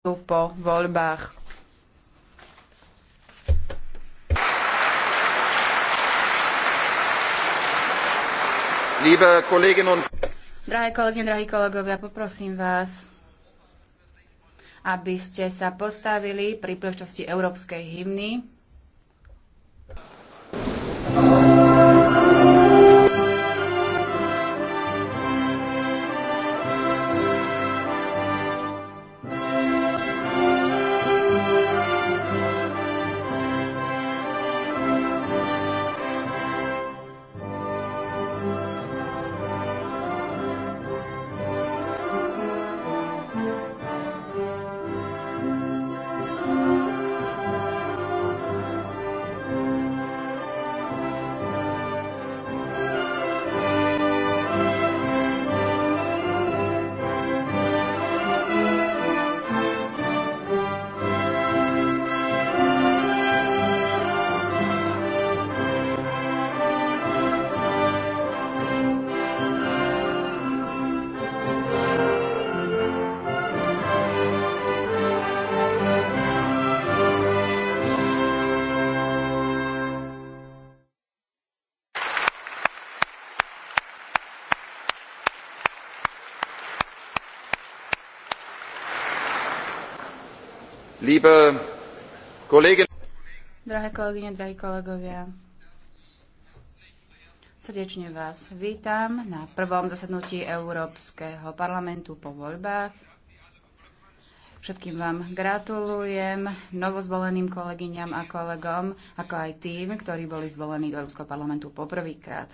po voľbách. Drahé kolegyne, drahí kolegovia, poprosím vás, aby ste sa postavili pri príležitosti európskej hymny. Liebe Kolleginnen Drahé kolegyne, drahí kolegovia, srdečne vás vítam na prvom zasadnutí Európskeho parlamentu po voľbách. Všetkým vám gratulujem, novozvoleným kolegyňam a kolegom, ako aj tým, ktorí boli zvolení do Európskeho parlamentu poprvýkrát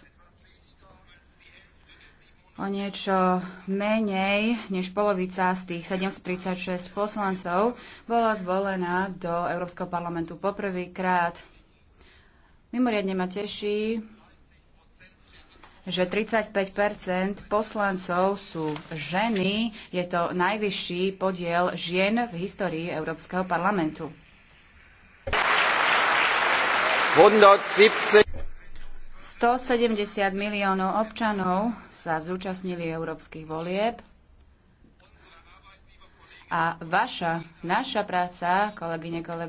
o niečo menej než polovica z tých 736 poslancov bola zvolená do Európskeho parlamentu poprvýkrát. Mimoriadne ma teší, že 35 poslancov sú ženy. Je to najvyšší podiel žien v histórii Európskeho parlamentu. 117 170 miliónov občanov sa zúčastnili európskych volieb a vaša, naša práca, kolegyne, kolegovia,